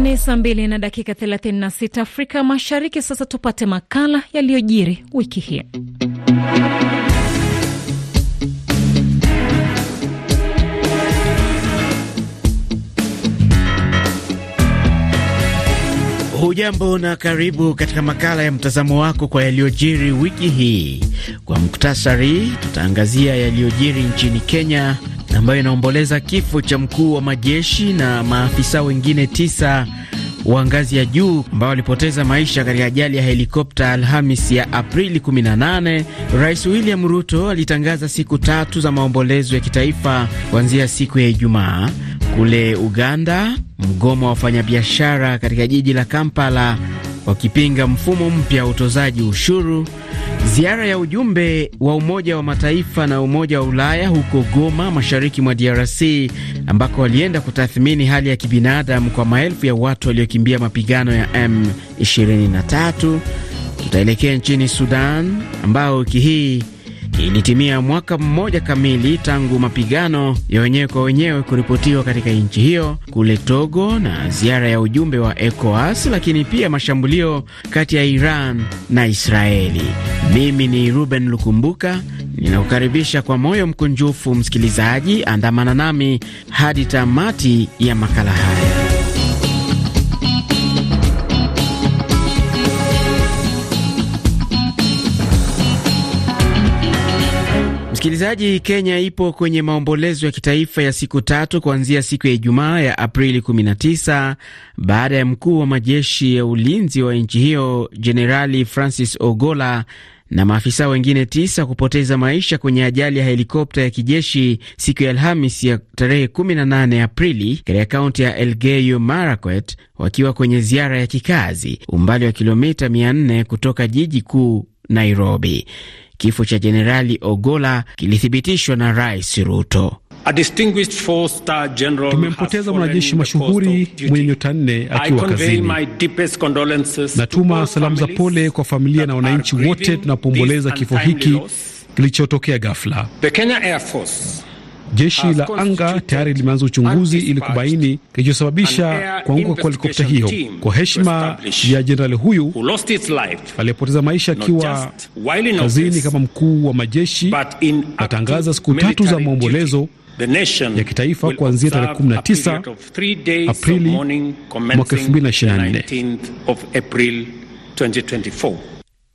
Ni saa mbili na dakika 36 Afrika Mashariki. Sasa tupate makala yaliyojiri wiki hii. Hujambo na karibu katika makala ya mtazamo wako kwa yaliyojiri wiki hii. Kwa muktasari, tutaangazia yaliyojiri nchini Kenya ambayo inaomboleza kifo cha mkuu wa majeshi na maafisa wengine tisa wa ngazi ya juu ambao walipoteza maisha katika ajali ya helikopta Alhamis ya Aprili 18. Rais William Ruto alitangaza siku tatu za maombolezo ya kitaifa kuanzia siku ya Ijumaa. Kule Uganda, mgomo wa wafanyabiashara katika jiji la Kampala wakipinga mfumo mpya wa utozaji ushuru. Ziara ya ujumbe wa Umoja wa Mataifa na Umoja wa Ulaya huko Goma, mashariki mwa DRC, ambako walienda kutathmini hali ya kibinadamu kwa maelfu ya watu waliokimbia mapigano ya M23. Tutaelekea nchini Sudan ambao wiki hii ilitimia mwaka mmoja kamili tangu mapigano ya wenyewe kwa wenyewe kuripotiwa katika nchi hiyo kule Togo na ziara ya ujumbe wa ECOWAS, lakini pia mashambulio kati ya Iran na Israeli. Mimi ni Ruben Lukumbuka, ninakukaribisha kwa moyo mkunjufu msikilizaji, andamana nami hadi tamati ya makala haya. Msikilizaji, Kenya ipo kwenye maombolezo ya kitaifa ya siku tatu kuanzia siku ya Ijumaa ya Aprili 19 baada ya mkuu wa majeshi ya ulinzi wa nchi hiyo Jenerali Francis Ogola na maafisa wengine tisa kupoteza maisha kwenye ajali ya helikopta ya kijeshi siku ya Alhamis ya tarehe 18 Aprili katika kaunti ya Elgeyo Marakwet wakiwa kwenye ziara ya kikazi umbali wa kilomita 400 kutoka jiji kuu Nairobi. Kifo cha Jenerali Ogola kilithibitishwa na Rais Ruto. Tumempoteza mwanajeshi mashuhuri mwenye nyota nne akiwa kazini. Natuma salamu za pole kwa familia na wananchi wote tunapoomboleza kifo hiki kilichotokea ghafla. The Kenya Air Force Jeshi la anga tayari limeanza uchunguzi ili kubaini kilichosababisha kuanguka kwa helikopta hiyo. Kwa heshima ya jenerali huyu aliyepoteza maisha akiwa kazini kama mkuu wa majeshi, natangaza siku tatu za maombolezo ya kitaifa kuanzia tarehe 19 Aprili mwaka 2024.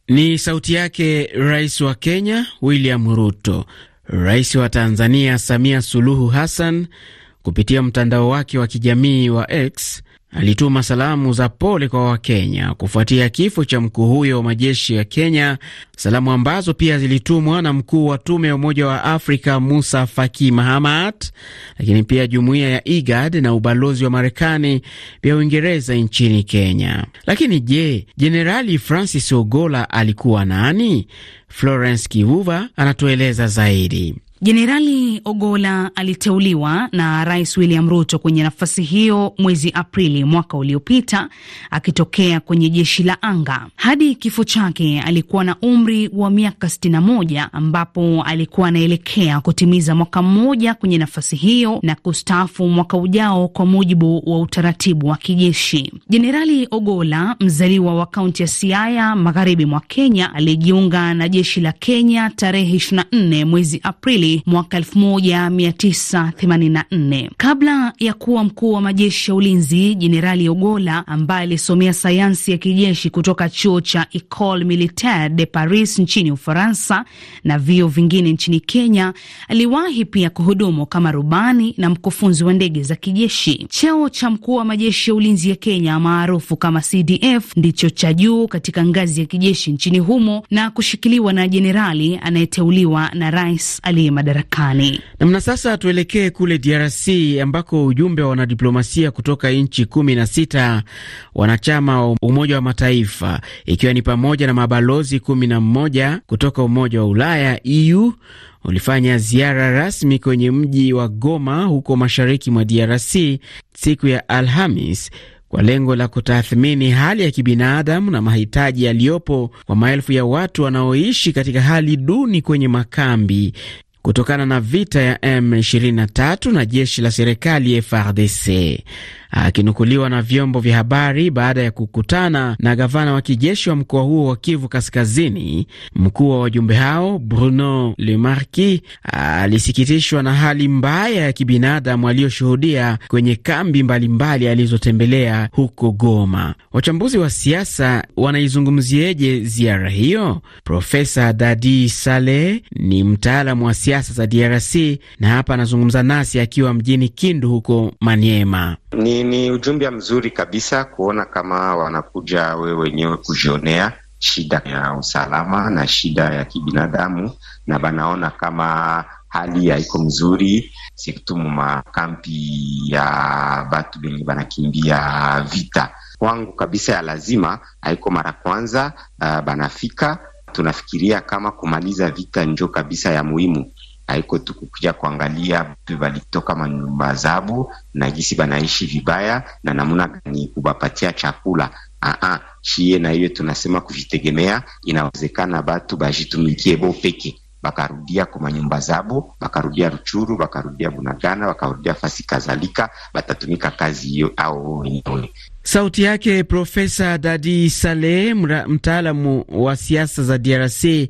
Ni sauti yake Rais wa Kenya William Ruto. Rais wa Tanzania Samia Suluhu Hassan Kupitia mtandao wake wa kijamii wa X alituma salamu za pole kwa Wakenya kufuatia kifo cha mkuu huyo wa majeshi ya Kenya, salamu ambazo pia zilitumwa na mkuu wa tume ya Umoja wa Afrika Musa Faki Mahamat, lakini pia jumuiya ya IGAD na ubalozi wa Marekani pia Uingereza nchini Kenya. Lakini je, Jenerali Francis Ogola alikuwa nani? Florence Kivuva anatueleza zaidi. Jenerali Ogola aliteuliwa na Rais William Ruto kwenye nafasi hiyo mwezi Aprili mwaka uliopita akitokea kwenye jeshi la anga. Hadi kifo chake alikuwa na umri wa miaka 61 ambapo alikuwa anaelekea kutimiza mwaka mmoja kwenye nafasi hiyo na kustaafu mwaka ujao kwa mujibu wa utaratibu wa kijeshi. Jenerali Ogola, mzaliwa wa kaunti ya Siaya, magharibi mwa Kenya, alijiunga na jeshi la Kenya tarehe 24 mwezi Aprili Aprili mwaka 1984. Kabla ya kuwa mkuu wa majeshi ya ulinzi, Jenerali Ogola ambaye alisomea sayansi ya kijeshi kutoka chuo cha Ecole Militaire de Paris nchini Ufaransa na vio vingine nchini Kenya, aliwahi pia kuhudumu kama rubani na mkufunzi wa ndege za kijeshi. Cheo cha mkuu wa majeshi ya ulinzi ya Kenya maarufu kama CDF ndicho cha juu katika ngazi ya kijeshi nchini humo na kushikiliwa na jenerali anayeteuliwa na rais aliye madarakani. Namna sasa, tuelekee kule DRC ambako ujumbe wa wanadiplomasia kutoka nchi kumi na sita wanachama wa Umoja wa Mataifa, ikiwa ni pamoja na mabalozi kumi na mmoja kutoka Umoja wa Ulaya EU ulifanya ziara rasmi kwenye mji wa Goma huko mashariki mwa DRC siku ya Alhamis kwa lengo la kutathmini hali ya kibinadamu na mahitaji yaliyopo kwa maelfu ya watu wanaoishi katika hali duni kwenye makambi kutokana na vita ya M23 na jeshi la serikali frdc akinukuliwa na vyombo vya habari baada ya kukutana na gavana wa kijeshi wa mkoa huo wa Kivu Kaskazini. Mkuu wa wajumbe hao Bruno Lemarquis alisikitishwa na hali mbaya ya kibinadamu aliyoshuhudia kwenye kambi mbalimbali alizotembelea huko Goma. Wachambuzi wa siasa wanaizungumzieje ziara hiyo? Profesa Dadi sale ni mtaalamu wa siasa za DRC na hapa anazungumza nasi akiwa mjini Kindu huko Maniema. Ni ni, ujumbe mzuri kabisa kuona kama wanakuja wewe wenyewe kujionea shida ya usalama na shida ya kibinadamu, na banaona kama hali haiko mzuri sektu makampi ya batu benye banakimbia vita. Kwangu kabisa ya lazima, haiko mara kwanza uh, banafika. Tunafikiria kama kumaliza vita njo kabisa ya muhimu haiko tukukuja kuangalia vitu manyumba zabu na jisi banaishi vibaya na namuna gani kubapatia chakula. Aa, chie na hiyo tunasema kuvitegemea, inawezekana batu bajitumikie bo peke bakarudia kwa manyumba zabo, bakarudia Ruchuru, bakarudia Bunagana, bakarudia fasi kadhalika, batatumika kazi hiyo ao wenyewe. Sauti yake Profesa Dadi Saleh, mtaalamu wa siasa za DRC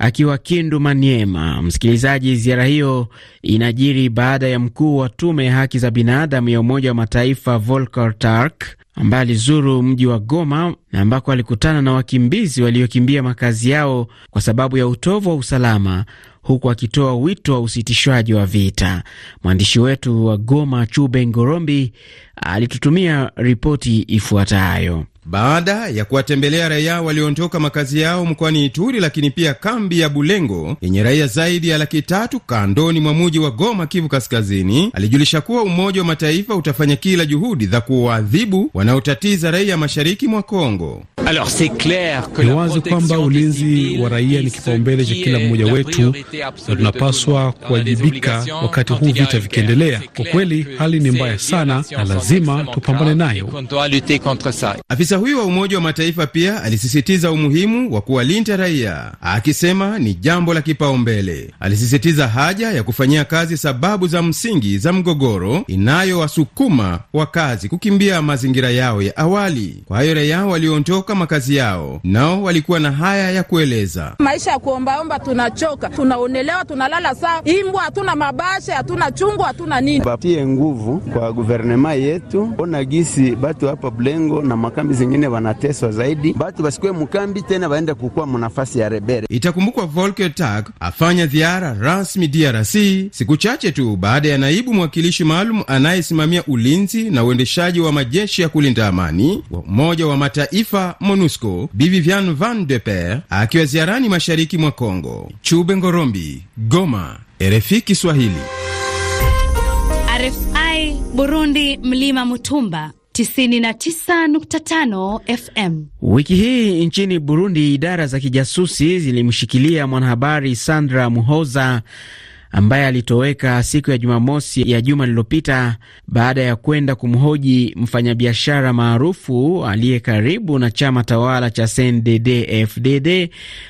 akiwa Kindu Maniema. Msikilizaji, ziara hiyo inajiri baada ya mkuu wa tume ya haki za binadamu ya Umoja wa Mataifa Volker Turk ambaye alizuru mji wa Goma na ambako alikutana na wakimbizi waliokimbia makazi yao kwa sababu ya utovu wa usalama, huku akitoa wito wa usitishwaji wa vita. Mwandishi wetu wa Goma Chube Ngorombi alitutumia ripoti ifuatayo baada ya kuwatembelea raia walioondoka makazi yao mkoani Ituri, lakini pia kambi ya Bulengo yenye raia zaidi ya laki tatu kandoni mwa muji wa Goma, Kivu Kaskazini, alijulisha kuwa Umoja wa Mataifa utafanya kila juhudi za kuwaadhibu wanaotatiza raia mashariki mwa Kongo. Ni wazi kwamba ulinzi wa raia ni kipaumbele cha kila mmoja wetu na tunapaswa kuwajibika wakati huu vita vikiendelea. Kwa kweli hali ni mbaya sana na lazima tupambane nayo. Afisa huyu wa Umoja wa Mataifa pia alisisitiza umuhimu wa kuwalinda raia, akisema ni jambo la kipaumbele. Alisisitiza haja ya kufanyia kazi sababu za msingi za mgogoro inayowasukuma wakazi kukimbia mazingira yao ya awali. Kwa hayo raia waliondoka makazi yao nao walikuwa na haya ya kueleza: maisha ya kuombaomba, tunachoka, tunaonelewa, tunalala saa imbwa, hatuna mabasha, hatuna chungu, hatuna nini. Batie nguvu kwa guvernema yetu, ona gisi batu hapa Blengo na makambi zingine wanateswa zaidi, batu basikuwe mkambi tena waende kukuwa munafasi ya rebere. Itakumbukwa Volker Turk afanya ziara rasmi DRC siku chache tu baada ya naibu mwakilishi maalum anayesimamia ulinzi na uendeshaji wa majeshi ya kulinda amani wa Umoja wa Mataifa MONUSCO Bivivian van de Per akiwa ziarani mashariki mwa Kongo. Chube Ngorombi, Goma, RFI Kiswahili. RFI Burundi, Mlima Mutumba 99.5 FM. Wiki hii nchini Burundi, idara za kijasusi zilimshikilia mwanahabari Sandra Muhoza ambaye alitoweka siku ya Jumamosi ya juma lililopita baada ya kwenda kumhoji mfanyabiashara maarufu aliye karibu na chama tawala cha CNDD-FDD,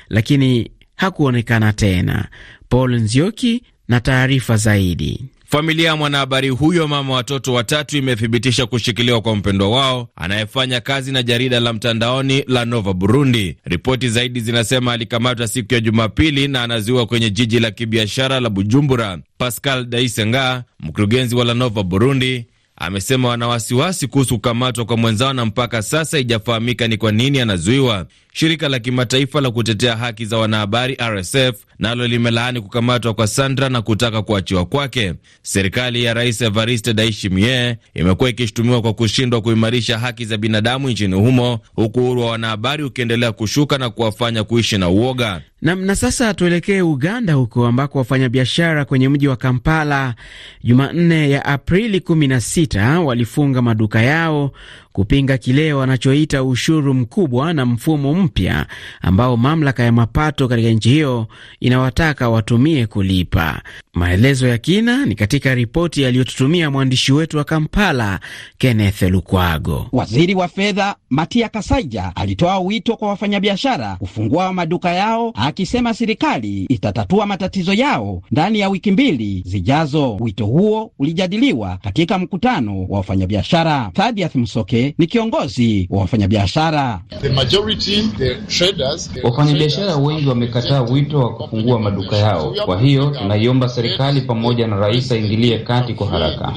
lakini hakuonekana tena. Paul Nzioki na taarifa zaidi. Familia ya mwanahabari huyo mama watoto watatu imethibitisha kushikiliwa kwa mpendwa wao anayefanya kazi na jarida la mtandaoni la Nova Burundi. Ripoti zaidi zinasema alikamatwa siku ya Jumapili na anaziwa kwenye jiji la kibiashara la Bujumbura. Pascal Daisenga, mkurugenzi wa la Nova Burundi, amesema wana wasiwasi kuhusu kukamatwa kwa mwenzao na mpaka sasa ijafahamika ni kwa nini anazuiwa. Shirika la kimataifa la kutetea haki za wanahabari RSF nalo limelaani kukamatwa kwa Sandra na kutaka kuachiwa kwake. Serikali ya Rais Evariste Ndayishimiye imekuwa ikishutumiwa kwa kushindwa kuimarisha haki za binadamu nchini humo, huku uhuru wa wanahabari ukiendelea kushuka na kuwafanya kuishi na uoga. Na, na sasa tuelekee Uganda huko ambako wafanyabiashara kwenye mji wa Kampala Jumanne ya Aprili 16 walifunga maduka yao kupinga kile wanachoita ushuru mkubwa na mfumo mpya ambao mamlaka ya mapato katika nchi hiyo inawataka watumie kulipa. Maelezo ya kina ni katika ripoti aliyotutumia mwandishi wetu wa Kampala, Kenneth Lukwago. Waziri wa fedha Matia Kasaija alitoa wito kwa wafanyabiashara kufungua maduka yao, akisema serikali itatatua matatizo yao ndani ya wiki mbili zijazo. Wito huo ulijadiliwa katika mkutano wa wafanyabiashara. Thadiath Msoke ni kiongozi wa wafanyabiashara. Wafanyabiashara wengi wamekataa wito wa kufungua maduka yao. Kwa hiyo tunaiomba serikali pamoja na rais aingilie kati kwa haraka.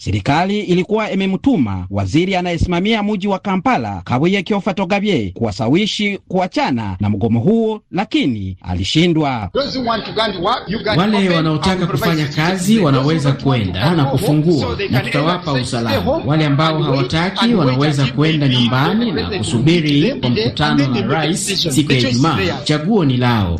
Serikali ilikuwa imemtuma waziri anayesimamia mji wa Kampala Kawiye kiofa Togabye kuwasawishi kuachana na mgomo huo, lakini alishindwa. Wale wanaotaka kufanya kazi wanaweza kwenda na kufungua, na tutawapa usalama. Wale ambao hawataki wanaweza kwenda nyumbani na kusubiri kwa mkutano na rais siku ya Ijumaa. Chaguo ni lao.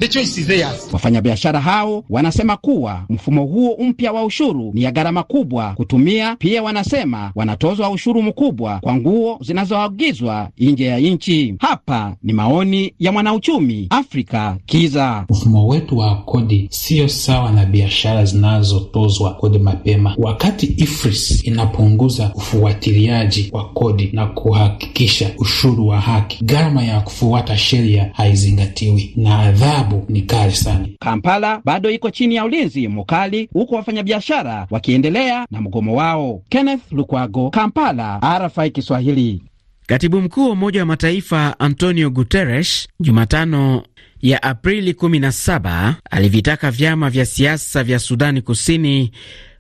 Wafanyabiashara hao wanasema kuwa mfumo huo mpya wa ushuru ni ya gharama kubwa kutumia. Pia wanasema wanatozwa ushuru mkubwa kwa nguo zinazoagizwa nje ya nchi. Hapa ni maoni ya mwanauchumi Afrika Kiza. Mfumo wetu wa kodi siyo sawa na biashara zinazotozwa kodi mapema, wakati IFRIS inapunguza ufuatiliaji wa kodi na kuhakikisha ushuru wa haki. Gharama ya kufuata sheria haizingatiwi na adhabu ni kali sana. Kampala bado iko chini ya ulinzi mkali, huku wafanyabiashara wakiendelea na mgomo wao. Kenneth Lukwago, Kampala, RFI Kiswahili. Katibu mkuu wa Umoja wa Mataifa Antonio Guterres Jumatano ya Aprili 17 alivitaka vyama vya siasa vya Sudani Kusini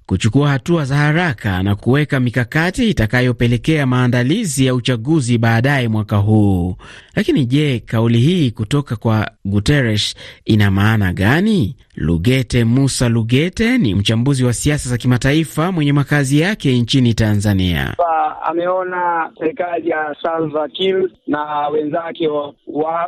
kuchukua hatua za haraka na kuweka mikakati itakayopelekea maandalizi ya uchaguzi baadaye mwaka huu. Lakini je, kauli hii kutoka kwa Guterres ina maana gani? Lugete Musa Lugete ni mchambuzi wa siasa za kimataifa mwenye makazi yake nchini Tanzania. ameona serikali ya Salva Kiir na wenzake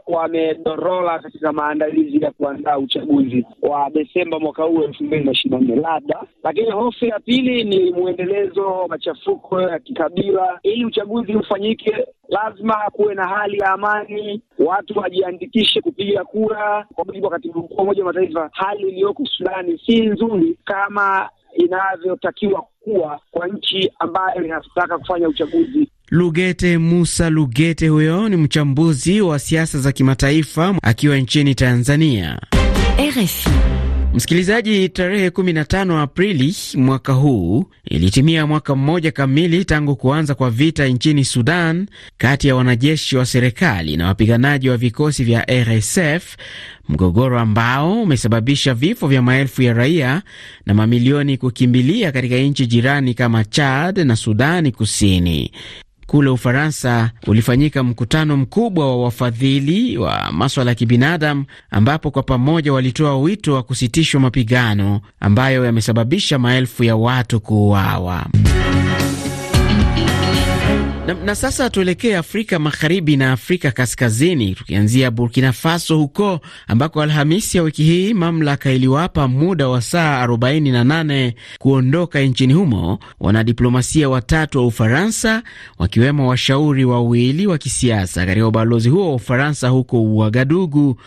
wamedorola wa katika maandalizi ya kuandaa uchaguzi wa Desemba mwaka huu elfu mbili na ishirini na nne labda. Lakini hofu ya pili ni mwendelezo wa machafuko ya kikabila. Ili uchaguzi ufanyike lazima kuwe na hali ya amani, watu wajiandikishe kupiga kura. Kwa mujibu wa katibu mkuu wa Umoja wa Mataifa, hali iliyoko Sudani si nzuri kama inavyotakiwa kuwa kwa nchi ambayo inataka kufanya uchaguzi. Lugete Musa Lugete, huyo ni mchambuzi wa siasa za kimataifa akiwa nchini Tanzania, RFI. Msikilizaji, tarehe 15 Aprili mwaka huu ilitimia mwaka mmoja kamili tangu kuanza kwa vita nchini Sudan kati ya wanajeshi wa serikali na wapiganaji wa vikosi vya RSF, mgogoro ambao umesababisha vifo vya maelfu ya raia na mamilioni kukimbilia katika nchi jirani kama Chad na Sudani Kusini kule Ufaransa ulifanyika mkutano mkubwa wa wafadhili wa maswala ya kibinadamu, ambapo kwa pamoja walitoa wito wa kusitishwa mapigano ambayo yamesababisha maelfu ya watu kuuawa. Na, na sasa tuelekee Afrika Magharibi na Afrika Kaskazini, tukianzia Burkina Faso huko ambako Alhamisi ya wiki hii mamlaka iliwapa muda wa saa 48 kuondoka nchini humo wanadiplomasia watatu wa Ufaransa, wakiwemo washauri wawili wa kisiasa katika ubalozi huo wa Ufaransa huko Uagadugu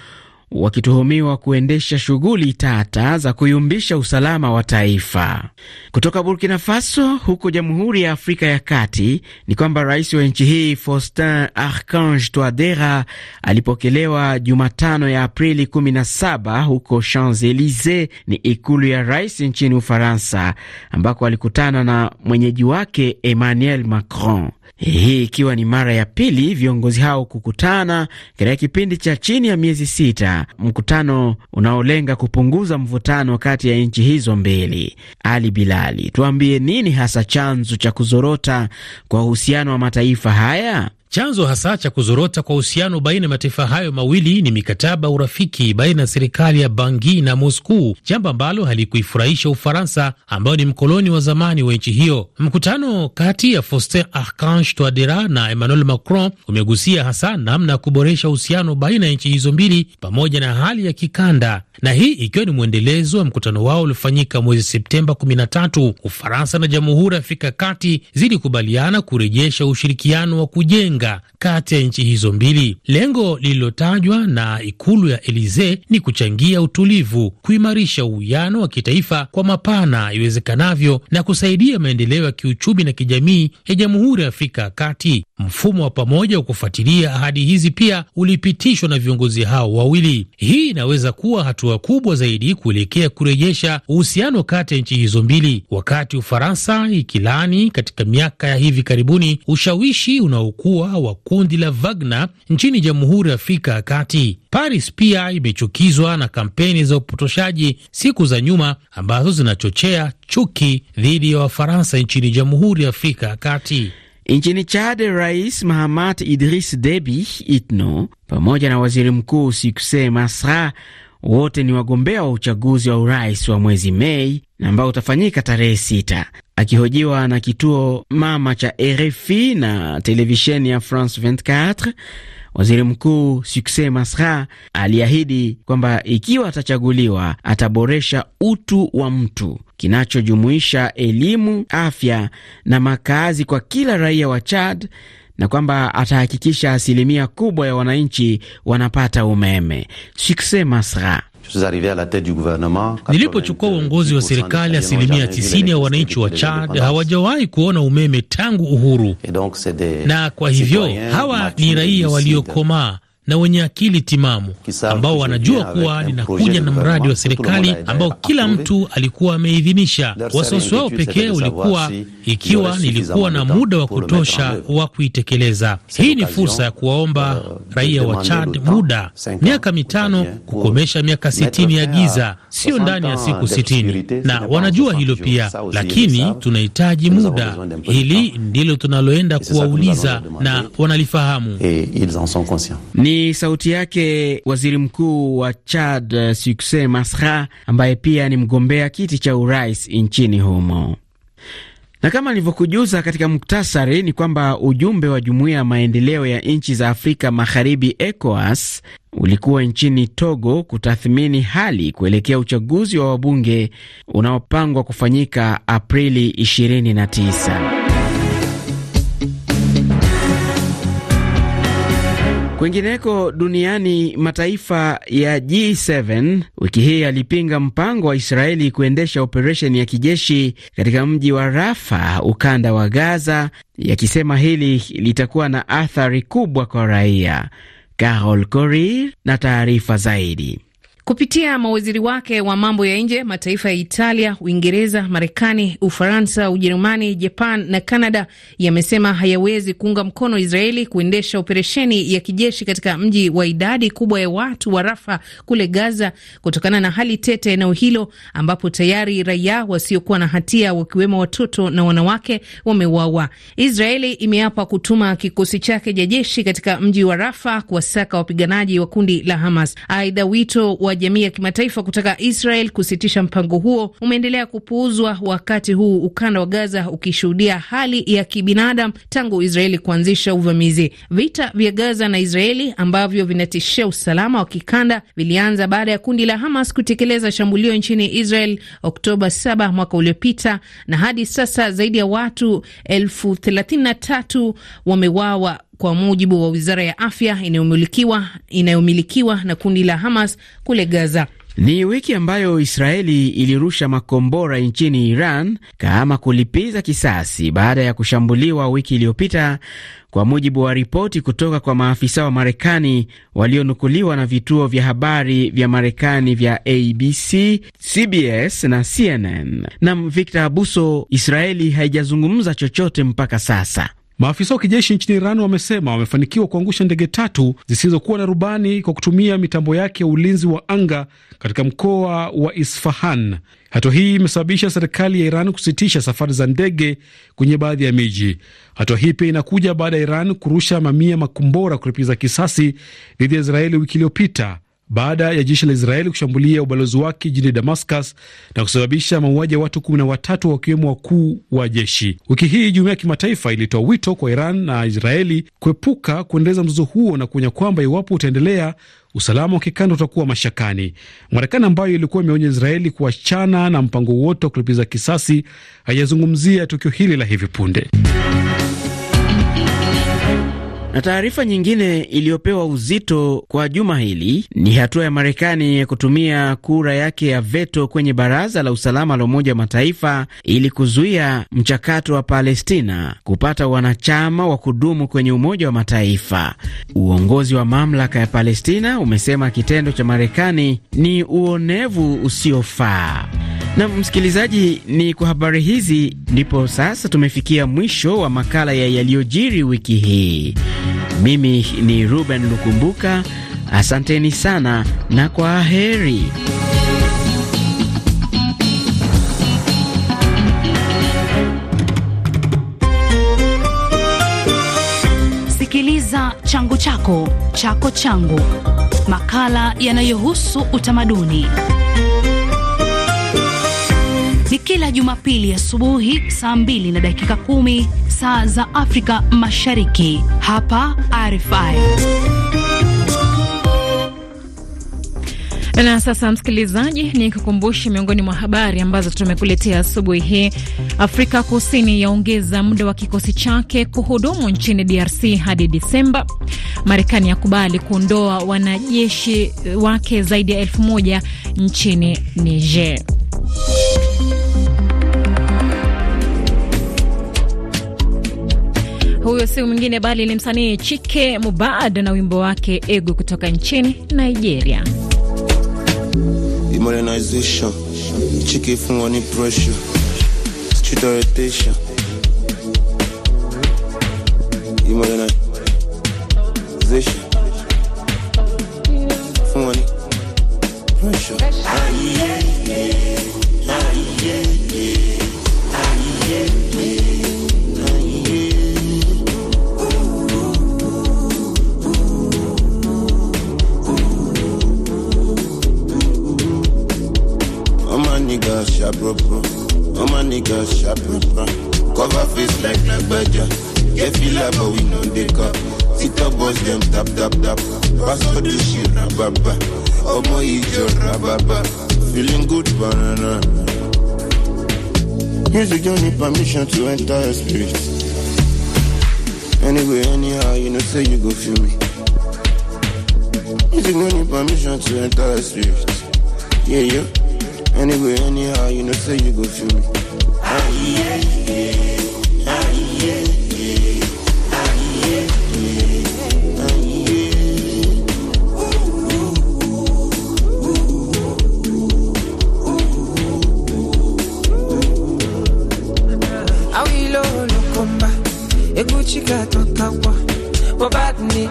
wakituhumiwa kuendesha shughuli tata za kuyumbisha usalama wa taifa. Kutoka Burkina Faso huko Jamhuri ya Afrika ya Kati ni kwamba rais wa nchi hii Faustin Archange Touadera alipokelewa Jumatano ya Aprili 17 huko Champs Elysee, ni ikulu ya rais nchini Ufaransa, ambako alikutana na mwenyeji wake Emmanuel Macron hii ikiwa ni mara ya pili viongozi hao kukutana katika kipindi cha chini ya miezi sita, mkutano unaolenga kupunguza mvutano kati ya nchi hizo mbili. Ali Bilali, tuambie nini hasa chanzo cha kuzorota kwa uhusiano wa mataifa haya? Chanzo hasa cha kuzorota kwa uhusiano baina ya mataifa hayo mawili ni mikataba ya urafiki baina ya serikali ya Bangi na Moscou, jambo ambalo halikuifurahisha Ufaransa ambayo ni mkoloni wa zamani wa nchi hiyo. Mkutano kati ya Faustin Archange Touadera na Emmanuel Macron umegusia hasa namna ya kuboresha uhusiano baina ya nchi hizo mbili pamoja na hali ya kikanda, na hii ikiwa ni mwendelezo wa mkutano wao uliofanyika mwezi Septemba 13. Ufaransa na Jamhuri ya Afrika Kati zilikubaliana kurejesha ushirikiano wa kujenga anga kati ya nchi hizo mbili. Lengo lililotajwa na ikulu ya Elisee ni kuchangia utulivu, kuimarisha uwiano wa kitaifa kwa mapana iwezekanavyo, na kusaidia maendeleo ya kiuchumi na kijamii ya Jamhuri ya Afrika ya Kati. Mfumo wa pamoja wa kufuatilia ahadi hizi pia ulipitishwa na viongozi hao wawili. Hii inaweza kuwa hatua kubwa zaidi kuelekea kurejesha uhusiano kati ya nchi hizo mbili, wakati Ufaransa ikilani katika miaka ya hivi karibuni ushawishi unaokuwa wa kundi la Wagner nchini Jamhuri ya Afrika ya Kati. Paris pia imechukizwa na kampeni za upotoshaji siku za nyuma ambazo zinachochea chuki dhidi ya Wafaransa nchini Jamhuri ya Afrika ya Kati. Nchini Chad, Rais Mahamat Idris debi Itno pamoja na waziri mkuu Sikuse Masra wote ni wagombea wa uchaguzi wa urais wa mwezi Mei na ambao utafanyika tarehe sita. Akihojiwa na kituo mama cha RFI na televisheni ya France 24, waziri mkuu Sukse Masra aliahidi kwamba ikiwa atachaguliwa ataboresha utu wa mtu kinachojumuisha elimu, afya na makazi kwa kila raia wa Chad na kwamba atahakikisha asilimia kubwa ya wananchi wanapata umeme. Sukse Masra Nilipochukua uongozi wa serikali, asilimia 90 ya wananchi wa Chad hawajawahi kuona umeme tangu uhuru, na kwa hivyo hawa ni raia waliokomaa na wenye akili timamu ambao wanajua kuwa ninakuja na mradi wa serikali ambao kila mtu alikuwa ameidhinisha. Wasiwasi wao pekee ulikuwa ikiwa nilikuwa na muda wa kutosha wa kuitekeleza. Hii ni fursa ya kuwaomba uh, raia wa Chad muda, miaka mitano uh, kukomesha miaka sitini ya giza, sio ndani ya siku sitini, na wanajua hilo pia, lakini tunahitaji muda. Hili ndilo tunaloenda kuwauliza na wanalifahamu. Ni sauti yake waziri mkuu wa Chad eh, Sukse Masra, ambaye pia ni mgombea kiti cha urais nchini humo. Na kama nilivyokujuza katika muktasari, ni kwamba ujumbe wa jumuiya ya maendeleo ya nchi za Afrika Magharibi, ECOWAS, ulikuwa nchini Togo kutathmini hali kuelekea uchaguzi wa wabunge unaopangwa kufanyika Aprili 29. Kwingineko duniani mataifa ya G7 wiki hii yalipinga mpango wa Israeli kuendesha operesheni ya kijeshi katika mji wa Rafa, ukanda wa Gaza, yakisema hili litakuwa na athari kubwa kwa raia. Carol Korir na taarifa zaidi. Kupitia mawaziri wake wa mambo ya nje, mataifa ya Italia, Uingereza, Marekani, Ufaransa, Ujerumani, Japan na Kanada yamesema hayawezi kuunga mkono Israeli kuendesha operesheni ya kijeshi katika mji wa idadi kubwa ya watu wa Rafa kule Gaza kutokana na hali tete eneo hilo ambapo tayari raia wasiokuwa na hatia wakiwemo watoto na wanawake wameuawa. Israeli imeapa kutuma kikosi chake cha jeshi katika mji wa Rafa kuwasaka wapiganaji wa kundi la Hamas. Aidha, wito wa wa jamii ya kimataifa kutaka Israel kusitisha mpango huo umeendelea kupuuzwa, wakati huu ukanda wa Gaza ukishuhudia hali ya kibinadamu tangu Israeli kuanzisha uvamizi. Vita vya Gaza na Israeli ambavyo vinatishia usalama wa kikanda vilianza baada ya kundi la Hamas kutekeleza shambulio nchini Israel Oktoba 7 mwaka uliopita, na hadi sasa zaidi ya watu elfu 33 wamewawa kwa mujibu wa wizara ya afya inayomilikiwa inayomilikiwa na kundi la Hamas kule Gaza. Ni wiki ambayo Israeli ilirusha makombora nchini Iran kama kulipiza kisasi baada ya kushambuliwa wiki iliyopita, kwa mujibu wa ripoti kutoka kwa maafisa wa Marekani walionukuliwa na vituo vya habari vya Marekani vya ABC, CBS na CNN. Nam Victor Abuso, Israeli haijazungumza chochote mpaka sasa. Maafisa wa kijeshi nchini Iran wamesema wamefanikiwa kuangusha ndege tatu zisizokuwa na rubani kwa kutumia mitambo yake ya ulinzi wa anga katika mkoa wa Isfahan. Hatua hii imesababisha serikali ya Iran kusitisha safari za ndege kwenye baadhi ya miji. Hatua hii pia inakuja baada ya Iran kurusha mamia makombora kulipiza kisasi dhidi ya Israeli wiki iliyopita baada ya jeshi la Israeli kushambulia ubalozi wake jijini Damascus na kusababisha mauaji ya watu kumi na watatu wakiwemo wakuu wa jeshi. Wiki hii jumuiya ya kimataifa ilitoa wito kwa Iran na Israeli kuepuka kuendeleza mzozo huo na kuonya kwamba iwapo utaendelea, usalama wa kikanda utakuwa mashakani. Marekani ambayo ilikuwa imeonya Israeli kuachana na mpango wote wa kulipiza kisasi haijazungumzia tukio hili la hivi punde. Na taarifa nyingine iliyopewa uzito kwa juma hili ni hatua ya Marekani ya kutumia kura yake ya veto kwenye Baraza la Usalama la Umoja wa Mataifa ili kuzuia mchakato wa Palestina kupata wanachama wa kudumu kwenye Umoja wa Mataifa. Uongozi wa mamlaka ya Palestina umesema kitendo cha Marekani ni uonevu usiofaa. Na msikilizaji, ni kwa habari hizi ndipo sasa tumefikia mwisho wa makala ya yaliyojiri wiki hii. Mimi ni Ruben Lukumbuka, asanteni sana na kwa heri. Sikiliza changu chako chako changu, makala yanayohusu utamaduni ni kila Jumapili asubuhi saa 2 na dakika kumi saa za Afrika Mashariki, hapa RFI. Na sasa msikilizaji, ni kukumbushe miongoni mwa habari ambazo tumekuletea asubuhi hii. Afrika Kusini yaongeza muda wa kikosi chake kuhudumu nchini DRC hadi Disemba. Marekani yakubali kuondoa wanajeshi wake zaidi ya elfu moja nchini Niger. Huyo si mwingine bali ni msanii Chike Mubad na wimbo wake egu kutoka nchini Nigeria. Chike ni pressure Pressure. shabropo. All my niggas shabropo. Cover face like Lagbaja. Get feel like but we know they Sit up boys them tap tap tap. Pass all the shit rababa. Omo ijo rababa. Feeling good banana. Music don't need permission to enter your spirit. Anyway, anyhow, you know say you go feel me. Music don't need permission to enter your spirit. Yeah, yeah. Anyway, anyhow, you know, say you go feel me. Aye, aye, aye, aye, aye, aye, aye. aye, aye, aye, aye,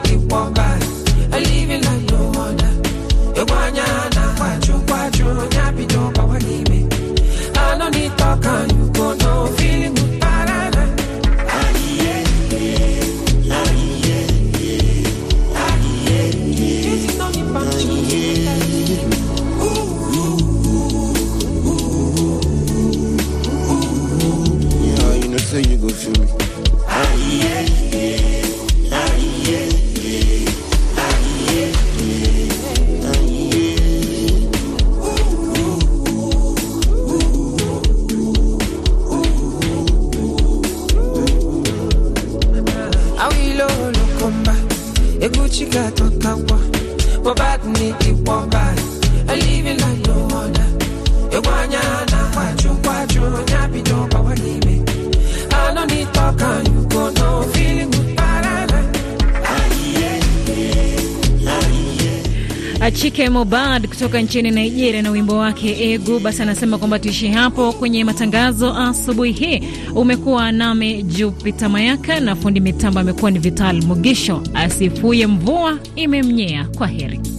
aye, aye, aye, aye, aye, aye, Ewanyana. awilo lokomba eguchika tokawa wabadni iwomba aliving like no other egwanyana Chike Mobad kutoka nchini Nigeria na wimbo wake egu basi anasema kwamba tuishi hapo kwenye matangazo asubuhi hii. Umekuwa nami Jupita Mayaka na fundi mitambo amekuwa ni Vital Mugisho. Asifuye mvua imemnyea. Kwa heri.